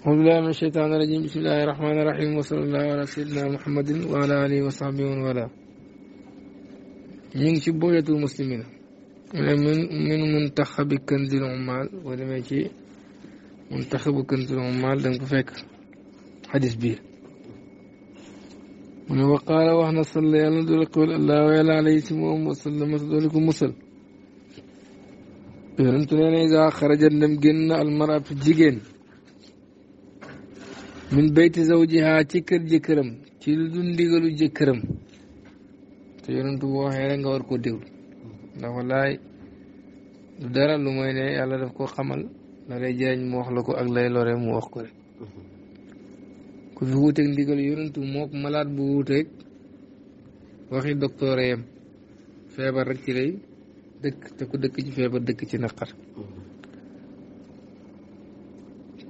أعوذ بالله من الشيطان الرجيم بسم الله الرحمن الرحيم وصلى الله على سيدنا محمد وعلى آله وصحبه ومن والاه من شبوية المسلمين من من منتخب كنز العمال ولا ما منتخب كنز العمال دنك فيك حديث بيه من وقال وحنا صلى يلا دولك الله ويلا عليه سموهم وسلم دولكم مسل يرمتنا إذا خرج النم جن المرأة في الجيجين min bayti zawjiha ci kër jëkkëram ci lu dul ndigalu jëkkëram te yonentu bu waxee rek nga war koo déglu ndax wallaay du dara lu mooy ne yàlla daf ko xamal la lay jëriñ mu wax la ko ak lay lore mu wax ko rek ku fi wuuteeg ndigalu yonentu mook malaat bu wuuteeg waxi docteur yam feebar rek ci lay dëkk te ku dëkk feebar dëkk ci naqar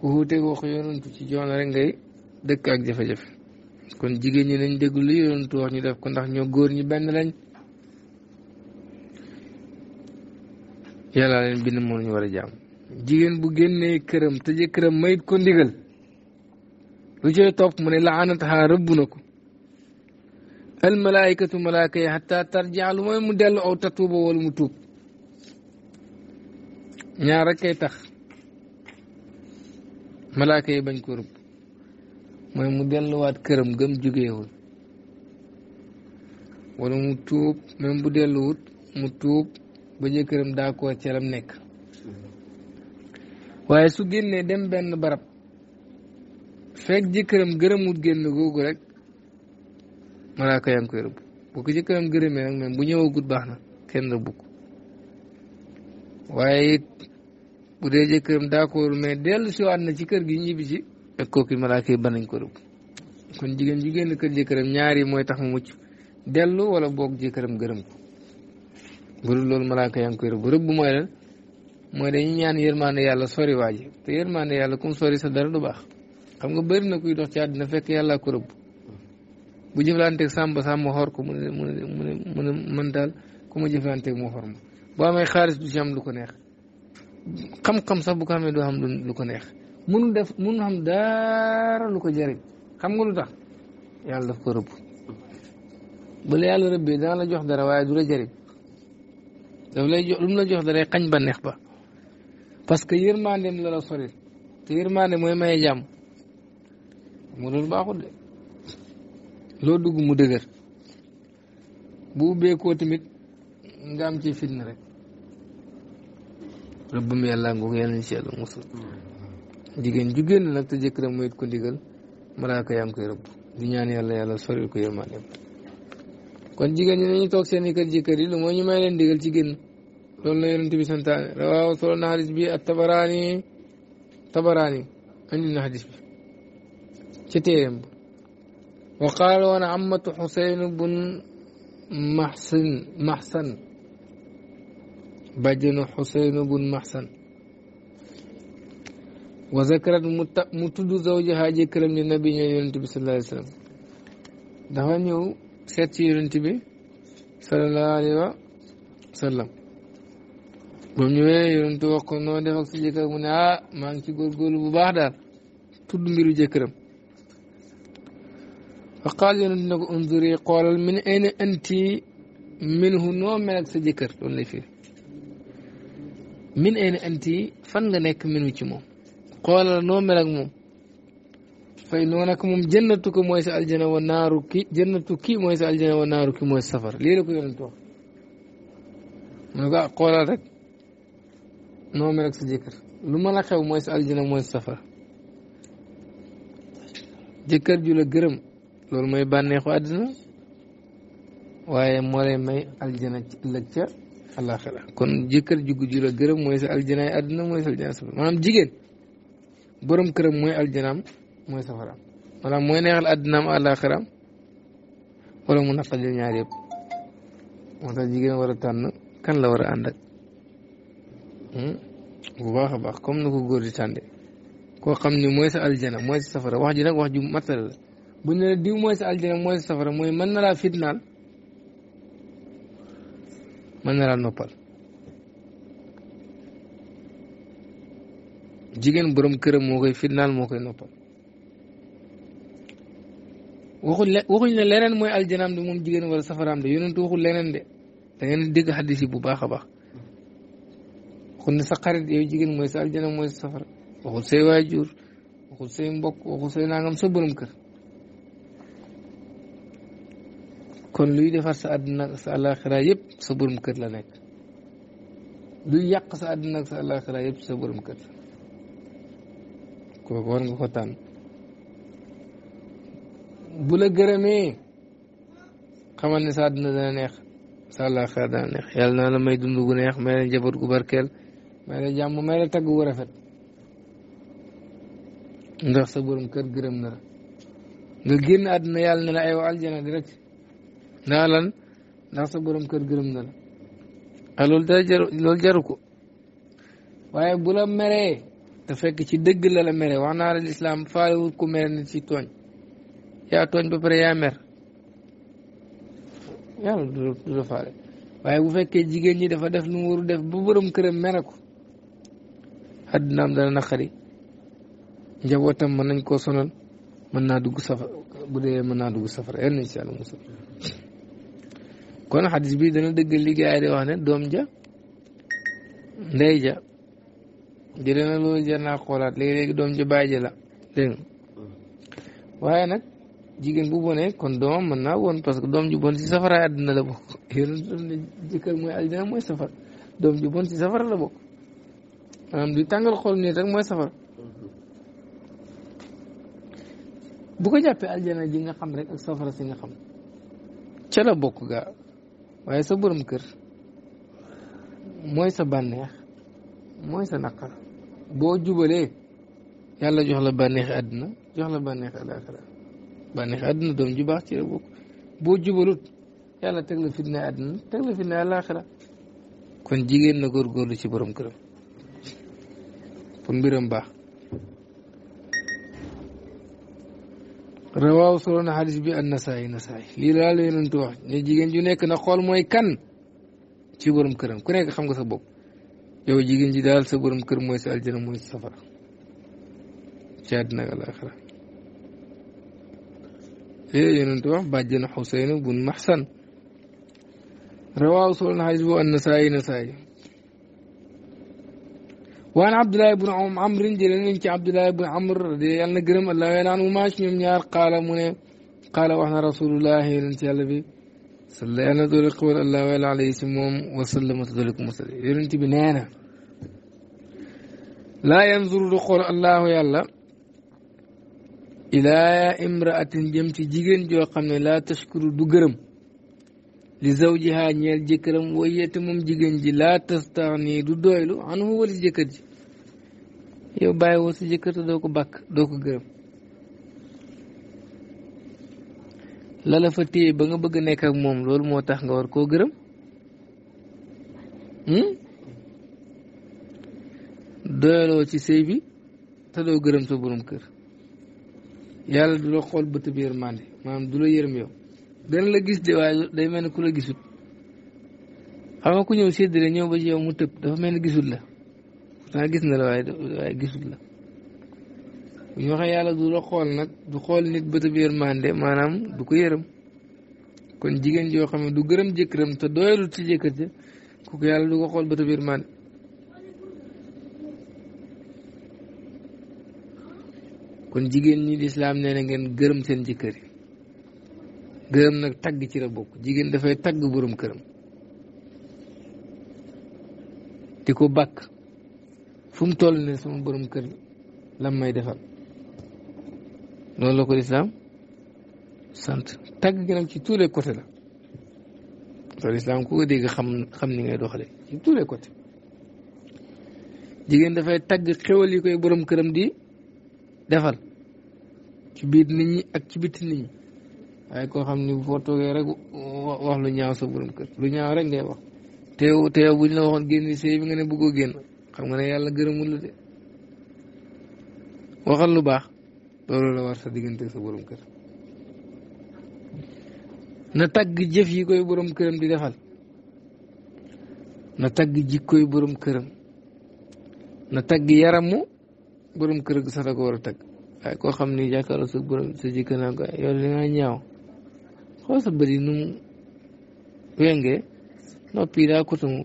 ku wuuteeg waxu yonantu ci joono rek ngay dëkk ak jafe-jafe kon jigéen ñi nañ déglu lu yonantu wax ñu def ko ndax ñoo góor ñi benn lañ yàllaa leen bind moom ñu war a jaam jigéen bu génnee këram te jëkkëram mayit ko ndigal lu cay topp mu ne laanataha rëbb na ko al malaayikatu malaaka yi xataa tarjaa lu mooy mu dellu aw tatuuba wala mu tuub ñaar rek kay tax malaaka yi bañ ko rëbb mooy mu delluwaat këram gëm jógeewul wala mu tuub même bu delluwut mu tuub ba jëkkëram d'accord ca nekk waaye su génnee dem benn barab fekk jëkkëram gërëmut génn googu rek malaaka yaa ngi koy rëbb bu ko jëkkëram gërëmee nag même bu ñëwagut baax na kenn rëbbu waaye bu dee jëkkëram d'accord mais dellu si waat na ci kër gi ñibbi ci ak kooku malaaka yi ba nañ ko rëbb kon jigéen jigéen na kër jëkkëram ñaar yi mooy tax mu mucc dellu wala boog jëkkëram gërëm ko bu loolu malaaka yaa ngi koy rëbb mooy lan mooy dañuy ñaan yërmaande yàlla sori waa ji te yërmaande yàlla kum sori sa dara du baax xam nga bëri na kuy dox ci àddina fekk yàllaa ko rëbb bu jëflanteeg sàmm sàmm xor ko mu ne mu ne mu ne man daal ku ma jëflanteeg mu xor ma boo amee xam-xam sax bu ko xamee doo xam lu ko neex mënul def mënul xam dara lu ko jëriñ xam nga lu tax yàlla daf ko rëbb bu la yàlla rëbbee dana la jox dara waaye du la jëriñ daf lay jox lu mu la jox dara xañ ba neex ba parce que yërmandeem la la sori te yërmande mooy ma jàmm mu loolu baaxul de loo dugg mu dëgër bu ubbeekoo tamit nga am ci fitna rek rëbbum yàlla ngoog yàlla nañ si yàlla musul jigéen ju génn nag te jëkkëram moyit ko ndigal malaaka yaa koy rëbb di ñaan yàlla yàlla soril ko yërmaandeem kon jigéen ñi nañu toog seen i kër jëkkër yi lu mooy ñu may leen ndigal ci génn loolu la yonent bi santaane rawaaw solo na xadis bi ak tabaraani tabaraani andi bi ci téeréem ba wa qaala woon xuseyn bun maxsan bàjjenu xuseynu bun maxsan wa zakarat mu ta mu tudd zawjaha jëkkëram nabi ñoo yonent bi sallallahu alayhi wa seet ci yonent bi sallallahu alayhi wa sallam ba mu ñëwee yonent wax ko noo def ak sa ah, maa ngi ci góorgóorlu bu baax daal tudd mbiru jëkkëram fa qaal yonent ne ko unzuri xoolal min ayna anti minhu noo mel ak sa jëkkër loolu lay firi min ayna anti fan nga nekk minu ci moom xoolal noo mel ak moom fay noo nag moom jënnatu ko mooy sa aljana wa naaru ki jënnatu ki mooy sa aljana wa naaru ki mooy safara lii la ko yonent wax mu ah, lu mën a xew mooy sa mooy safara jëkkër ju la gërëm loolu mooy bànneexu àddina waaye moo lay may aljana ci alaxira kon jëkkër ju ju la gërëm mooy sa aljanaay àdduna mooy sa aljana safara maanaam jigéen borom këram mooy aljanaam mooy safara maanaam mooy neexal àddunaam alaxira wala mu naqadil ñaar yëpp moo tax jigéen war a tànn kan la war a ànd ak hmm? bu baax a baax comme ni ko góor di tànde koo xam ni mooy sa aljana mooy sa safara wax ji nag wax ju matal la diw mooy sa aljana mooy sa safara mooy mën na laa fitnaal mën na laa noppal jigéen borom këram moo koy fitnaal moo koy noppal waxuñ le waxuñ ne leneen mooy aljanaam de moom jigéen wala safaraam de yonentu waxul leneen de da ngeen dégg xaddis yi bu baax a baax waxul ne sa xarit yow jigéen mooy sa aljana mooy sa safara waxul say waajur waxul say mbokk waxul say nangam sa borom kër kon luy defar sa àdduna ak sa àllaaxira yëpp sa borom kër la nekk luy yàq sa àdduna ak sa àllaaxira yëpp sa borom kër kooku war nga ko tànn bu la ne sa àdduna dana neex sa àllaaxira dana neex yàlla naa la may dund gu neex may la njaboot gu barkeel may la jàmm may la tagg wu rafet ndax sa borom kër gërëm na la nga génn àdduna yàlla ne la ay aljana di naa lan ndax sa borom kër gërëm na la ah loolu jaru loolu jaru ko waaye bu la meree te fekk ci dëgg la la mere wax naa la lislaam faalewul ku mere nit ci tooñ yaa tooñ ba pare yaa mer yàlla du la faale waaye bu fekkee jigéen ñi dafa def lu mu def ba borom këram mere ko àddinaam dana naqari njabootam mën nañ koo sonal mën naa dugg safara bu dee mën naa dugg safara yal nañ ci yàlla musal kon xadis bii dana dëggal li gars yi di wax ne doom ja ndey ja jëlee na loolu jar naa xoolaat léegi-léegi doom ja bàyyi ja la waaye nag jigéen bu bonee kon doom mën naa woon parce que doom ju bon ci safara àddina la bokk yéen ne jëkkër xol nii rek mooy safara bu ko jàppee aljana ji nga xam rek ak safara si nga xam ca la bokk gaa waaye sa borom kër mooy sa bànneex mooy sa naqar boo jubalee yàlla jox la bànneexi àddina jox la bànneexi alaaxira bànneexi àddina doom ju baax ci la boo jubalut yàlla teg la fitna àddina teg la fitna alaaxira kon jigéen na góorgóorlu ci borom kër pour mbiram baax rawaaw solo na xadis bi an nasaay nasaay lii laa la yonent wax ne jigéen ju nekk na xool mooy kan ci borom këram ku nekk xam nga sa bopp yow jigéen ji daal sa borom kër mooy sa aljana mooy sa safara ci àddina ak alaxira léegi yonent wax bàjjan Xuseyn bun Maxsan rawaaw solo na xadis bu an nasaay nasaay waan abdulahi bun amrin jële nañ ci abdulahi bun amr de yàlla na gërëm allah we naan umaac ñoom ñaar qaala mu ne qaala wax na rasulullahi yonent yàlla bi salla yàlla doole xawal allah wel alayhi si moom wasallama ta doole ko mosal yonent bi nee na laa yanzuru du xool allahu yàlla ilaa imraatin jëm ci jigéen joo xam ne laa tashkuru du gërëm li zawjiha ñeel jëkkëram wayyete moom jigéen ji laa tastaxni du doylu anhu wali jëkkër ji yow bàyyi woo sa jëkkër te doo ko bàkk doo ko gërëm la fa téye ba nga bëgg nekk ak moom loolu moo tax nga war koo gërëm hmm? doyaloo ci sëy bi te doo gërëm sa borom kër yàlla du la xool bët bi yërmande maanaam du la yërëm yow dana la gis de waaye day mel ni ku la gisut xam nga ku ñëw séddale ñëw ba ci yow mu tëb dafa mel ni gisut la pourtant gis na la waaye waaye gisut la bu ñu waxee yàlla du la xool nag du xool nit bët bi yërmande maanaam du ko yërëm kon jigéen joo xam ne du gërëm jëkkëram te doyalut ci jëkkër ja yàlla du ko xool bët bi yërmande kon jigéen ñi lislaam nee na ngeen gërëm seen jëkkër yi gërëm nag tagg ci la bokk jigéen dafay tagg borom këram di ko bàkk fu mu toll ne sama borom kër lan may defal loolu la ko lislaam sant tagg gi ci tous les la loolu lislaam ku ko dégg xam ni ngay doxale ci tous les jigéen dafay tagg xéwal yi koy borom këram di defal ci biir nit ñi ak ci bitti nit ñi waaye koo xam ni foo toogee rek wax lu ñaaw sa borom kër lu ñaaw rek ngay wax teew teew buñ la waxoon génn sëy bi nga ne bëggoo génn xam nga ne yàlla gërëmul la de waxal lu baax loolu la war sa diggante sa borom kër na tagg jëf koy borom këram di defal na tagg jikkoy borom këram na tagg yaramu borom kër gi sax da ko war a tagg waaye koo xam ni jàkkaarloo sa borom sa jikko naa ko yow li nga ñaaw xool sa bëri nu wengee noppi daa kotumu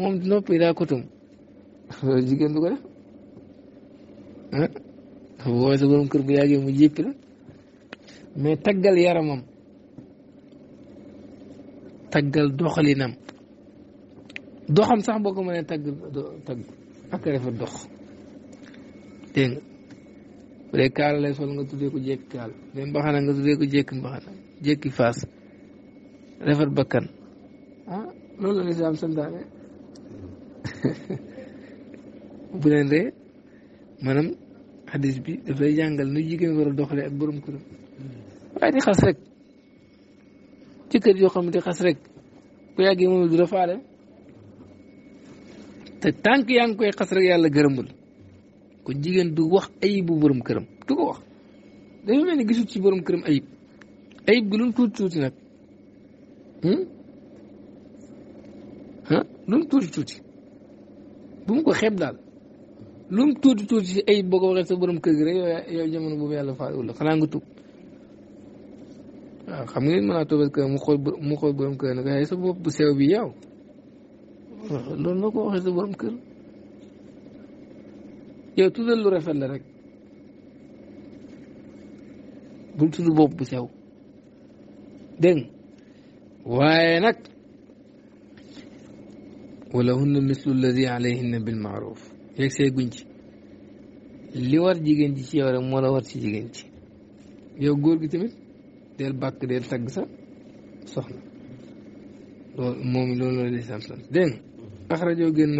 moom noppi daa kotumu jigéen du ko def ah boo sa borom kër bu yàggee mu jéppi la mais taggal yaramam taggal doxalinam doxam sax boo ko mënee tagg tagg ak refa dox dégg nga bu dee kaala sol nga tuddee ko jekk kaal bu mbaxana nga tuddee ko jekk mbaxana jékki faas rafet bakkan ah, loolu la lislaam santaane bu leen ree maanaam xadis bi dafay jàngal nu jigéen war a doxalee ak borom këram waaye di xas rek ci kër yoo xam ne di xas rek bu yàggee moom du rafaale te tànk yaa ngi koy xas rek yàlla gërëmul kon jigéen du wax ayib bu borom këram du ko wax dafa mel ni gisul ci borom këram ayib ayib gi lu mu tuuti tuuti nag hmm? lu mu tuuti tuuti bu mu ko xeeb daal lu mu tuuti tuuti si ayib boo ko waxee sa borom kër gi rek yow jamono boobu yàlla faale la xanaa nga tuub waaw ah, xam nga ni mën mu sa bopp bu sew bi yow loolu noo ko waxee sa borom kër yow tuddal lu rafet la rek bul tudd bopp bu sew. dégg waaye nag wala hunna mislu alladi alayhinna bil maaruf yegg see guñ ci war jigéen ji ci yow rek ci yow góor gi tamit del bàkk del tagg sa soxna loolu moom loolu la lislaam sant dégg nga mm-hmm. axrajoo génn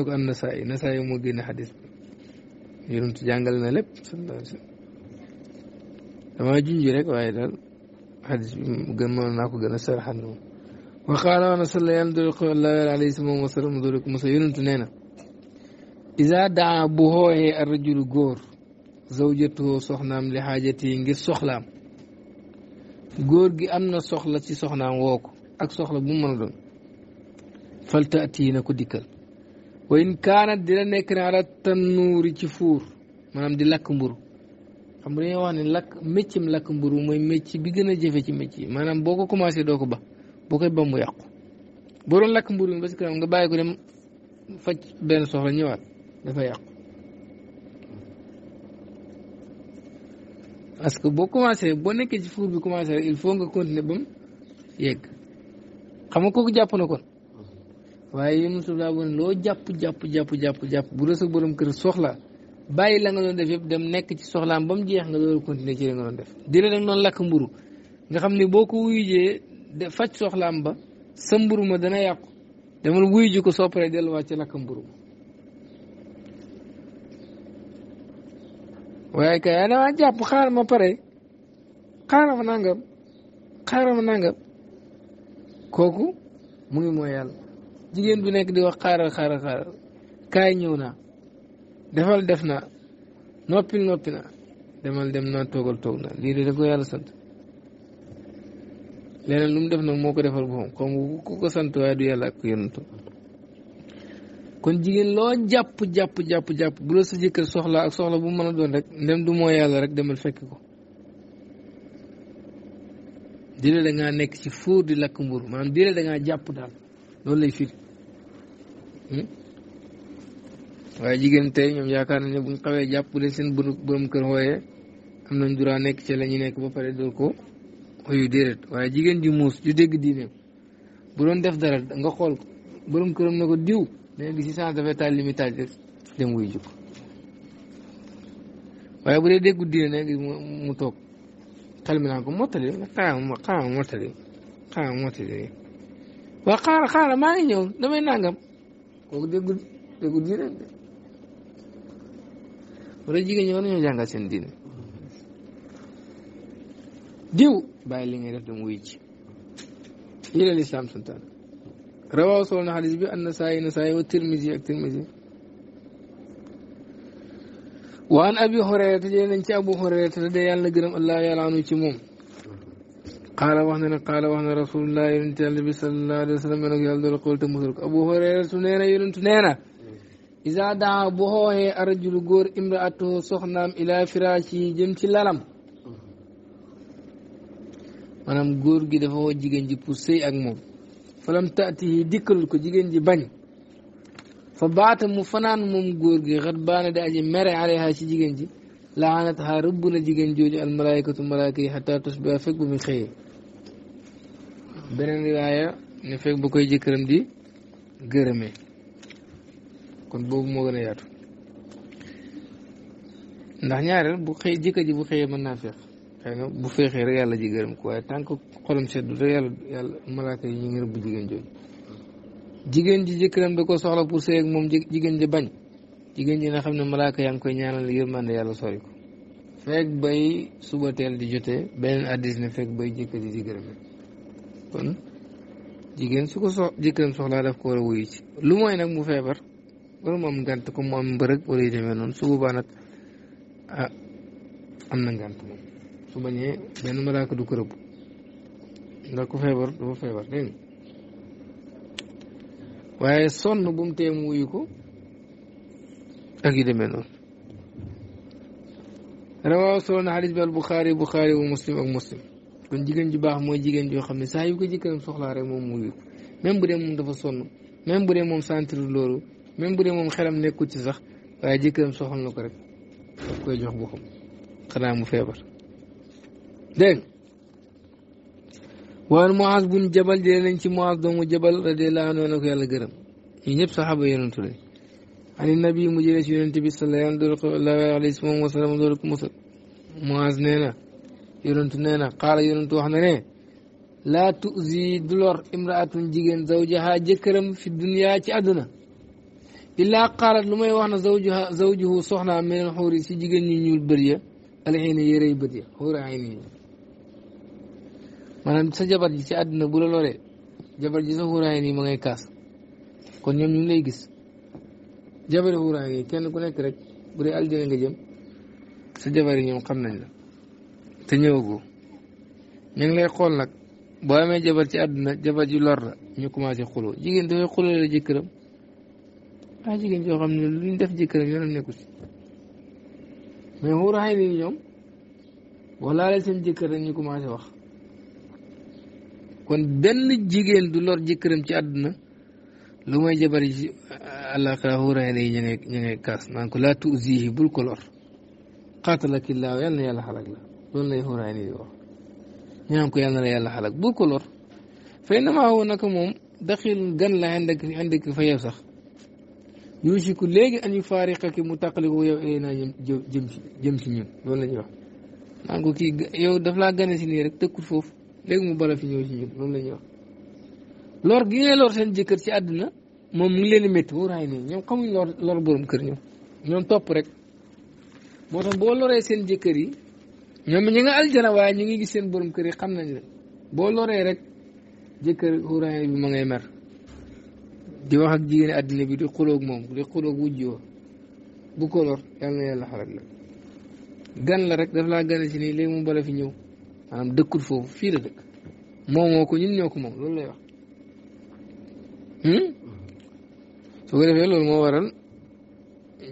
moo génn xadis bi yonent jàngal na lépp sallallahu alayhi rek waaye daal xadis bi gën mënoon naa ko gën a sarxan moom wa qaala ana salla yàlla dol xollah wala alayhi salaam wa sallam dooleko mosa yonentu nee na isa daa bu hooyee ar rajulu góor zawjatoo soxnaam li xaajati ngir soxlaam góor gi am na soxla ci soxnaam woo ko ak soxla bu mu mën a doon faltaati na ko dikkal wa in kaanat dina nekk ne ala tannuuri ci fuur maanaam di lakk mburu am dañoo lakk méccam lakk mburu mooy mécc bi gën a jëfe ci mécc yi maanaam boo ko commencé doo ko boo koy ba mu yàqu boo doon lakk mburu mi nga bàyyi ko dem benn soxla ñëwaat dafa yàqu que boo commencé boo nekkee ci fuur bi commencé rek il faut nga continuer ba jàpp na kon mm-hmm. waaye yéen mosul laa woon loo jàpp jàpp jàpp jàpp bu dee borom kër soxla bàyyi la nga doon def yëpp dem nekk ci soxlaan ba mu jeex nga doon continuer ci la nga doon def dina lakk mburu nga xam ne boo ko wuyujee de faj soxlaam ba sa mburu ma dana yàqu dama wuyuji ko soo delluwaat ci lakk mburu ma waaye jàpp xaaral ma pare xaaral ma nangam xaaral ma nangam kooku mu ngi mooy yàlla jigéen bu nekk di wax xaaral xaaral xaaral kaay ñëw naa defal def na noppil noppi na demal dem naa toogal toog na lii de da ko yàlla sant leneen lu mu def nag moo ko defal boppam comme ku ko sant waaye du yàlla ak ko yonantu kon jigéen loo jàpp jàpp jàpp jàpp bu la sa jëkkër soxla ak soxla bu mën a rek ndem du moo yàlla rek demal fekk ko dile da ngaa nekk ci fóor di lakk mbur maanaam dile da ngaa jàpp daal loolu lay waaye jigéen tey ñoom yaakaar nañ ne buñ xawee jàpp leen seen borom kër xooyee am nañ droit nekk ci la ñu nekk ba pare door ko oyu déedéet waaye jigéen ju muus ju dégg diine bu doon def dara nga xool ko borom këram ne ko diw da nga gis li muy taaj rek dem wuy bu dee déggu diine da mu toog xel mi naa ko mottali xaaral ma xaaral xaaral maa ngi ñëw damay nangam kooku déggu déggu diine. wala jigéen ñi war nañoo jàngal seen diine diw bàyyi li ngay def dem wuy ci lii la lislaam santaane rawaaw sol na xadis bi an nasaayi nasaayi wa tirmisi ak tirmisi wa an abi xurayrata jëlee ci abu xurayrata te de anu ci moom qaala wax na ne qaala wax na rasulullah yonent yàlla bi sallallahu alayhi wa sallam yàlla doon xool te musul ko abu xurayratu na yonentu nee isa daa bu xooxee arajulu góor imraatu soxnaam ila firaash yi jëm ci lalam maanaam góor gi dafa woo jigéen ji pour sëy ak moom falam taati yi dikkalul ko jigéen ji bañ fa baata mu fanaan moom góor gi xat baana di aji mere aleyha ci jigéen ji laanat ha rëbb na jigéen jooju al malaayikatu malaayika yi xataa tusbiha fekk bu mu xëyee beneen riwaaya ne fekk ba koy jëkkëram di gërëmee kon boobu moo gën a yaatu ndax ñaareel bu xëy jëkkër ji bu xëyee mën naa feex xëy bu feexee rek yàlla ji gërëm ko waaye tant que xolam seddu rek yàlla malaaka yi ñu ngi rëbb jigéen jooju jigéen ji jëkkëram da ko soxla pour sëy moom jigéen ji bañ jigéen ji nga xam ne malaaka yaa ngi koy ñaanal yërmande yàlla sori ko fekk bay suba teel di jotee beneen addis ne fekk bay jëkkër ji di kon jigéen su ko sox daf ko war a wuyu ci lu mooy nag mu feebar wala mu am ngànt comme mu am mbërëg wala yu demee noonu su boobaa nag ah, am na ngànt moom su bañee benn malaaka du ko rëbb ndax ku feebar dafa feebar dégg nga waaye sonn bu mu tee mu wuyu ko ak yu demee noonu rawaaw solo na xadis bi al buxaari buxaari wa muslim ak muslim kon jigéen ju baax mooy jigéen joo xam ne saa yu ko jëkkëram soxlaa rek moom mu wuyu ko même bu dee moom dafa sonn même bu dee moom sentirul loolu même bu dee moom xelam nekkul ci sax waaye jëkkëram soxal na ko rek koy jox boppam xanaa mu feebar dégg waan Muaz bun Jabal jëlee nañ ci Muaz doomu Jabal radiyallahu anhu na gërëm ñëpp saxaaba yonentu lañ ani nabi mu jëlee ci bi sallallahu alayhi na yonentu nee na xaala yonentu wax na ne laa tuzi du lor imraatun jigéen zawjaha jëkkëram fi dunya ci àdduna illaa qaalat lu may wax na zawjuha zawjuhu soxnaa meneen xóori si jigéen ñi ñuul bët ya alxiina yérey bët ya xóori ayni sa jabar ji ci àddina bu la jabar ji sa xóori ayni yi ma ngay kaas kon ñun ñu ngi lay gis jabari xóori ayni yi kenn ku nekk rek bu dee aljana nga jëm sa jabar yi ñoom xam nañ la te ñëwagoo ñu ngi lay xool nag boo amee jabar ci àddina jabar ji lor la ñu commencé xuloo jigéen dafay xuloo la jëkkëram daa jigéen joo xam ne luñ def jëkkëram yoonam nekku si mais xuur xay nii ñoom walaale seen jëkkër rek ñu commencé wax kon benn jigéen du lor jëkkëram ci àdduna lu may jabar yi ci àllaaxira xuur xay ñu ngay kaas naan ko laa tuusihi bul ko lor xaatalakillaahu yàlla na yàlla xalak la loolu lay xuur xay nii wax ñu ko yàlla na la yàlla bul ko lor fay namaa woo naka moom daxil gan la ànd ak sax yusiku léegi an yu faariqa ki mu tàqaliko yow ilay eh, naa jëm si jëm si ñun loolu la ñuy wax naan ko kii yow daf laa gane si nii rek tëkkul foofu léegi mu bala fi ñëw si ñun loolu la ñuy wax lor gi ngay lor seen jëkkër ci àdduna moom mu ngi leen di métti wóoraay nii ñoom xamuñ lor borom kër ñoom ñoom topp rek moo tax boo loree seen jëkkër yi ñoom ñi nga aljana waaye ñu ngi gis seen borom kër yi xam nañ la boo loree rek jëkkër wóoraay bi ma ngay mer di wax ak jigéen àddina bi di xuloog moom di xuloog wujjoo bu ko lor yàlla na yàlla xaral la gan la rek daf laa gane si nii léegi mu bala fi ñëw maanaam dëkkul foofu fii la dëkk moomoo ko ñun ñoo ko moom loolu lay wax hmm? su ko defee loolu moo waral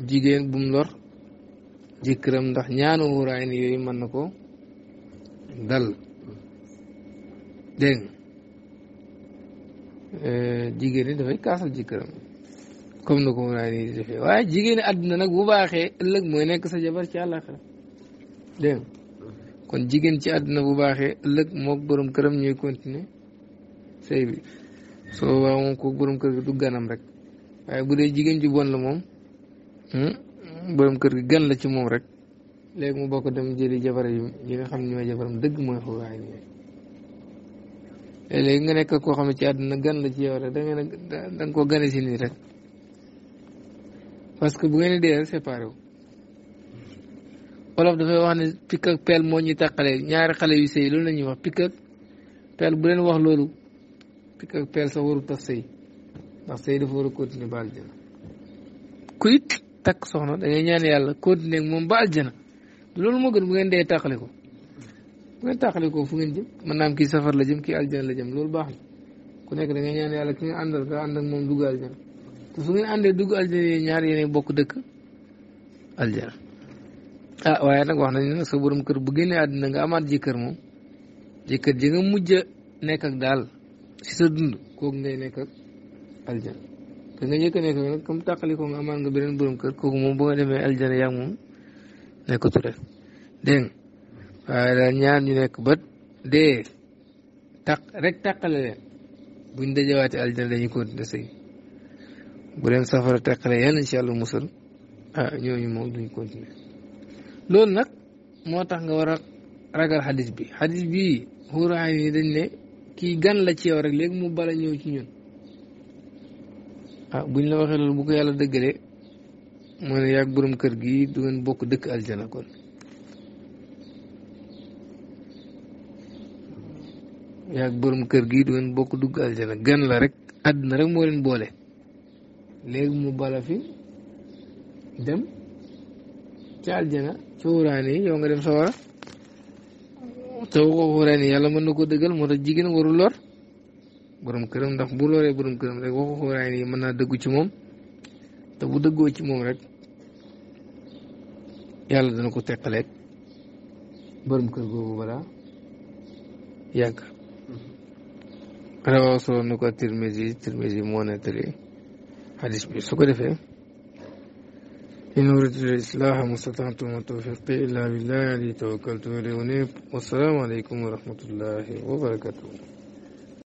jigéen bu mu lor jëkkëram ndax ñaanu wuraay ni yooyu mën na ko dal dégg Euh, jigéen ñi dafay kaasal jëkkëram comme na ko mën waaye jigéen àdduna nag bu baaxee ëllëg mooy nekk sa jabar ci àllaaxira dégg kon jigéen ci àdduna bu baaxee ëllëg mook borom këram ñooy continuer sëy bi kër gi du ganam rek waaye bu dee jigéen ju bon la moom hmm, borom kër gi gan la ci moom rek léegi mu bokk dem jëli jabar yi nga xam ne jabaram dëgg mooy xaw waaye léegi nga nekk koo xam ne ci àdduna gan la ci yow rek da ngeen a koo gane si nii rek parce que bu ngeen di dee rek séparé wu. dafay wax ne pikk ak peel moo ñuy tàqalee ñaari xale yu sëy loolu la ñuy wax pikk ak bu leen wax loolu pikk ak peel sax waru sëy ndax sëy dafa war a continuer ba aljana ku takk soxna da ñaan yàlla continuer moom ba aljana loolu moo gën bu ngeen dee tàqale ko. bu ngeen tàqalikoo fu ngeen jëm man naa am kii safar la jëm kii aljana la jëm loolu baax na ku nekk da ngay ñaan yàlla ki nga àndal ka ànd ak moom dugg aljana te fu ngeen àndee dugg aljana ñaar yéenay bokk dëkk aljana ah nag wax nañ sa borom kër bu génnee àddina nga amaat jëkkër moom jëkkër ji nga mujj a daal si sa dund kooku ngay nekk ak aljana te nga njëkk a nekk nag moom bu nga demee aljana yaa moom nekkatul rek waaye daal ñaar ñu nekk bët dee taq rek taqale leen buñ dajawaati aljana dañuy continuer sëy bu leen safara taqale yal ci yàlla musal ah ñooñu moom duñ continuer loolu nag moo tax nga war a ragal xadis bi xadis bi xuuraay ni dañ ne kii gan la ci yow rek léegi mu bala ñëw ci ñun ah buñ la waxee loolu bu ko yàlla dëggalee moo ne yàgg borom kër gi du ngeen bokk dëkk aljana kon yaag borom kër gi du ngeen bokk dugg aljana gan la rek àdduna rek moo leen boole léegi mu bala fi dem ci aljana ci wuraane yow nga dem sa wara te ko wuraane yàlla mën na ko dëggal moo tax jigéen waru lor borom këram ndax bu loree borom këram rek waxu xooraay mën naa dëggu ci moom te bu dëggoo ci moom rek yàlla dana ko teqaleeg borom kër googu balaa yàgg rawaaw solo nu ko tirmisi tirmisi moo nettali xadis bi su ko defee in uriidu al-islaaha mastata'tu wa ma tawfiiqi illaa billaahi alayhi tawakkaltu réew ne wassalaamu aleykum wa rahmatullaahi wa barakaatuh